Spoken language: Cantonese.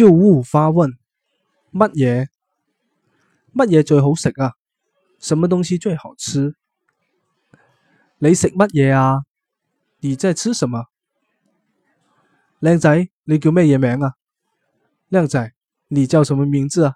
就物發問，乜嘢。乜嘢最好食啊？什麼東西最好吃？你食乜嘢啊？你在吃什麼？靚仔，你叫咩嘢名啊？靚仔，你叫什麼名字啊？